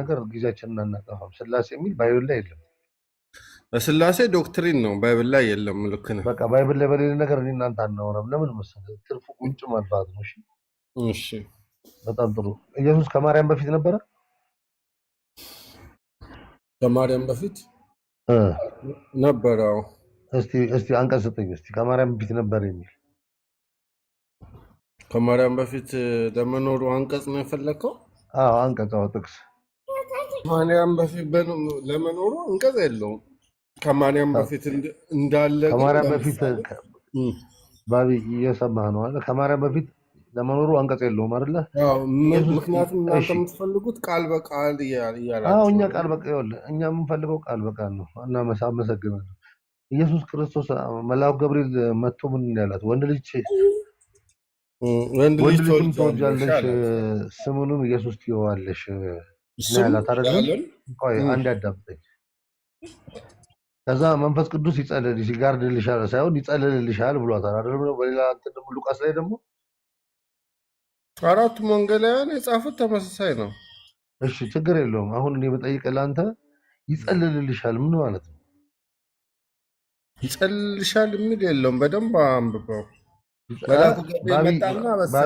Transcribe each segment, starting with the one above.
ነገር ጊዜያችንን አናጠፋም። ስላሴ የሚል ባይብል ላይ የለም። ስላሴ ዶክትሪን ነው፣ ባይብል ላይ የለም። ልክ ነህ። በቃ ባይብል ላይ በሌለ ነገር እኔ እናንተ አናወራም። ለምን መሰለህ? ትርፉ ቁንጭ ማልፋት ነው። እሺ፣ በጣም ጥሩ። ኢየሱስ ከማርያም በፊት ነበረ? ከማርያም በፊት ነበረው። እስቲ አንቀጽ ስጠኝ እስቲ። ከማርያም በፊት ነበር የሚል ከማርያም በፊት ለመኖሩ አንቀጽ ነው የፈለግከው? አዎ አንቀጽ ጥቅስ ከማንያም በፊት ለመኖሩ እንቀጽ የለውም። ከማንያም በፊት እንዳለ ከማርያም በፊት ባቢ እየሰማህ ነው አለ። ከማርያም በፊት ለመኖሩ አንቀጽ የለውም አይደለ? ምክንያቱም እናንተ የምትፈልጉት ቃል በቃል እያላችሁ እኛ ቃል በቃ እኛ የምንፈልገው ቃል በቃል ነው። እና አመሰግናለሁ። ኢየሱስ ክርስቶስ መልአኩ ገብርኤል መጥቶ ምን ያላት ወንድ ልጅ ወንድ ልጅ ትወልጃለሽ፣ ስሙንም ኢየሱስ ትይዋለሽ አንድ አዳምጠኝ። ከዛ መንፈስ ቅዱስ ይጸልል ይጋርድልሻል ሳይሆን ይጸልልልሻል ብሏታል አይደለም? በሌላ ሉቃስ ላይ ደግሞ አራቱ ወንጌላውያን የጻፉት ተመሳሳይ ነው። እሺ ችግር የለውም። አሁን እኔ በጠይቀ ለአንተ ይጸልልልሻል ምን ማለት ነው? ይጸልልሻል የሚል የለውም። በደንብ አንብበው። መላኩ ገብርኤል መጣና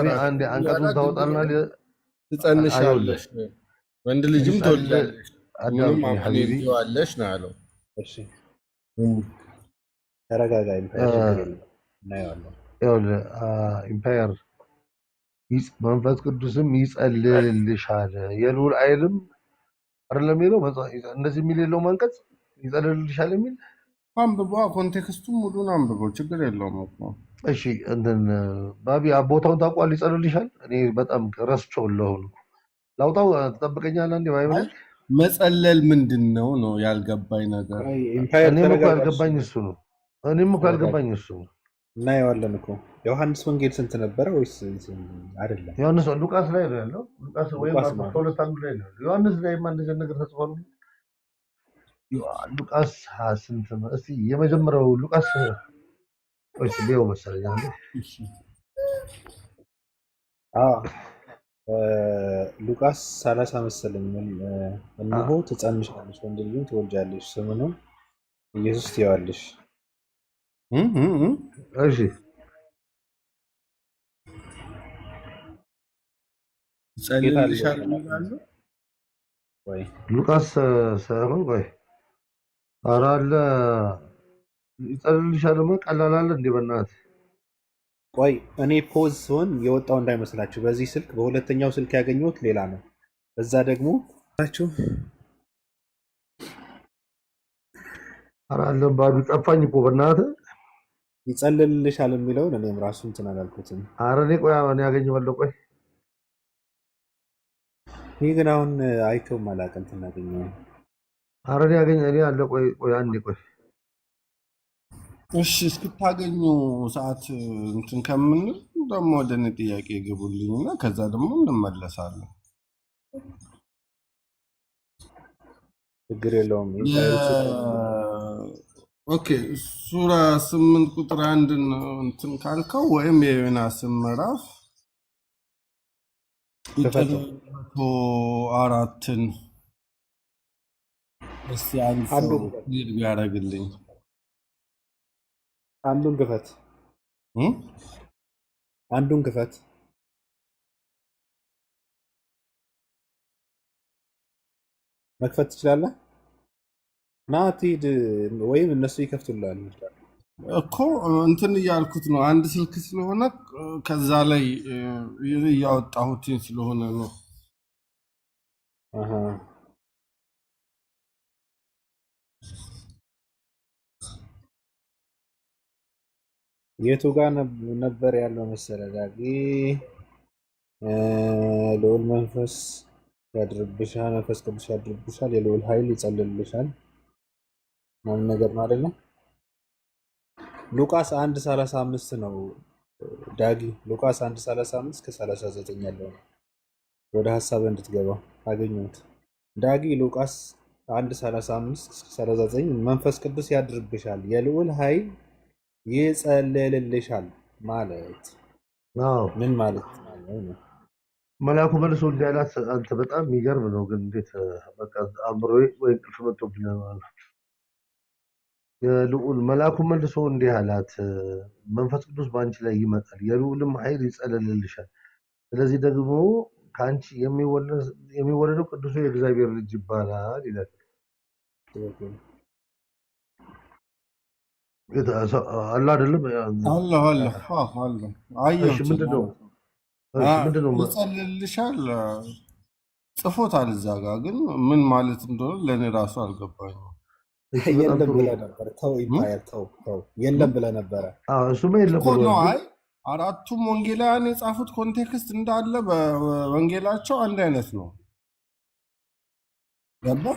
አንቀጹን ታወጣና ትጸንሻለሽ ወንድ ልጅም ተወልዳለሽ ነው ያለው። ተረጋጋ ኢምፓየር መንፈስ ቅዱስም ይጸልልልሻል የልዑል አይልም አይደለም የለው እንደዚህ የሚል የለው መንቀጽ ይጸልልልሻል የሚል አንብቦ ኮንቴክስቱም ሙሉን አንብቦ ችግር የለውም። እሺ እንትን ባቢ ቦታውን ታውቋል። ይጸልልሻል እኔ በጣም ለሆኑ ላውጣው ትጠብቀኛለህ እንዲ ባይብል መጸለል ምንድን ነው ነው ያልገባኝ ነገር። እኔም እኮ ያልገባኝ እሱ ነው። እኔም እኮ ያልገባኝ እሱ ነው። እናየዋለን እኮ ዮሐንስ ወንጌል ስንት ነበረ? ወይስ አይደለም? ዮሐንስ ሉቃስ ላይ ነው ያለው። ሉቃስ ወይም ሁለት አንዱ ላይ ነው። ዮሐንስ ላይ ማንደገ ነገር ተጽፏል። ሉቃስ ስንት ነው? እስቲ የመጀመሪያው ሉቃስ ወይስ ሌው መሰለኝ አለ ሉቃስ ሰላሳ መሰለኝ እነሆ ትጸንሻለሽ ወንድ ልጅም ትወልጃለሽ ስሙንም ኢየሱስ ትይዋለሽ። እሺ ሉቃስ ሳይሆን ወይ አራለ አለ ይጸልልሻል። ቀላል አለ እንዲህ በእናትህ ቆይ እኔ ፖዝ ስሆን የወጣው እንዳይመስላችሁ። በዚህ ስልክ በሁለተኛው ስልክ ያገኘሁት ሌላ ነው። እዛ ደግሞ ላችሁ አላለም ባዱ ጠፋኝ እኮ በእናትህ ይጸልልልሻል የሚለውን እኔም ራሱ እንትን አላልኩትም። አረ እኔ ቆይ እኔ ያገኘዋለሁ። ቆይ ይህ ግን አሁን አይተውም አላውቅም። ትናገኘ አረ እኔ ያገኘ እኔ አለ። ቆይ ቆይ አንዴ ቆይ እሺ እስክታገኙ ሰዓት እንትን ከምንል ደግሞ ወደ እኔ ጥያቄ ግቡልኝ እና ከዛ ደግሞ እንመለሳለን። ችግር የለውም። ኦኬ ሱራ ስምንት ቁጥር አንድ እንትን ካልከው ወይም የዮናስን ምዕራፍ ቁጥር መቶ አራትን እስቲ አንድ ቢያደርግልኝ አንዱን ክፈት፣ አንዱን ክፈት። መክፈት ትችላለህ። ና ትሂድ፣ ወይም እነሱ ይከፍቱላል። እኮ እንትን እያልኩት ነው። አንድ ስልክ ስለሆነ ከዛ ላይ እያወጣሁት ስለሆነ ነው። የቱ ጋር ነበር ያለው መሰለ ዳጊ ልዑል መንፈስ ያድርብሻል፣ መንፈስ ቅዱስ ያድርብሻል፣ የልዑል ኃይል ይጸልልሻል ምናምን ነገር ነው አይደለም? ሉቃስ አምስት ነው ዳጊ። ሉቃስ አምስት ከሰላሳ 39 ያለው ነው። ወደ ሀሳብ እንድትገባ አገኘት ዳጊ። ሉቃስ ሰላሳ ዘጠኝ መንፈስ ቅዱስ ያድርብሻል፣ የልዑል ኃይል ይጸለልልሻል ማለት ምን ማለት መላኩ መልሶ እንዲያላት አንተ በጣም የሚገርም ነው። ግን እንዴት በቃ አእምሮ ወይ እንቅልፍ መጥቶብኛል ማለት የልዑል መላኩ መልሶ እንዲህ አላት፣ መንፈስ ቅዱስ በአንቺ ላይ ይመጣል፣ የልዑልም ኃይል ይጸለልልሻል። ስለዚህ ደግሞ ከአንቺ የሚወለደው ቅዱሱ የእግዚአብሔር ልጅ ይባላል ይላል። اذا አለ አይደለም አለ አለ አለ አየሁት። ምንድን ነው ይጸልልሻል፣ ጽፎታል እዛ ጋ ግን ምን ማለት እንደሆነ ለእኔ ራሱ አልገባኝም። የለም ብለህ ነበረ። እሱማ የለም እኮ ነው። አይ አራቱም ወንጌላውያን የጻፉት ኮንቴክስት እንዳለ በወንጌላቸው አንድ አይነት ነው። ገባህ?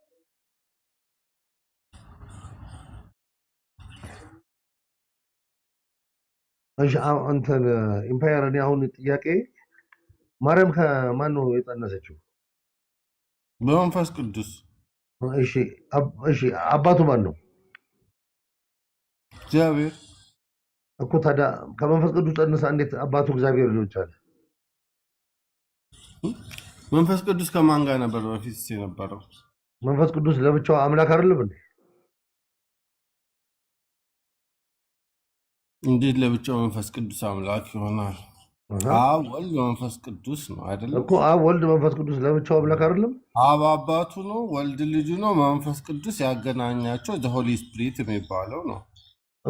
እሺ እንትን ኢምፓየር እኔ አሁን ጥያቄ ማርያም ከማን ነው የጸነሰችው? በመንፈስ ቅዱስ። እሺ እሺ፣ አባቱ ማን ነው? እግዚአብሔር እኮ። ታዲያ ከመንፈስ ቅዱስ ጸንሳ እንዴት አባቱ እግዚአብሔር ሊሆን ቻለ? መንፈስ ቅዱስ ከማን ጋር ነበር በፊት የነበረው? መንፈስ ቅዱስ ለብቻው አምላክ አይደለም እንዴ? እንዴት ለብቻው መንፈስ ቅዱስ አምላክ ይሆናል? አብ ወልድ መንፈስ ቅዱስ ነው አይደለም እኮ። አብ ወልድ መንፈስ ቅዱስ ለብቻው አምላክ አይደለም። አብ አባቱ ነው፣ ወልድ ልጁ ነው፣ መንፈስ ቅዱስ ያገናኛቸው ዘ ሆሊ ስፒሪት የሚባለው ነው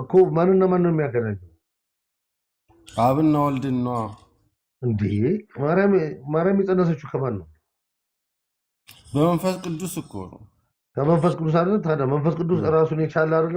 እኮ። ማንና ማን ነው የሚያገናኘው? አብና ወልድን ነው እንዴ? ማርያም የጸነሰችው ከማን ነው? በመንፈስ ቅዱስ እኮ ነው። ከመንፈስ ቅዱስ አይደለም ታዲያ? መንፈስ ቅዱስ እራሱን የቻለ አይደለም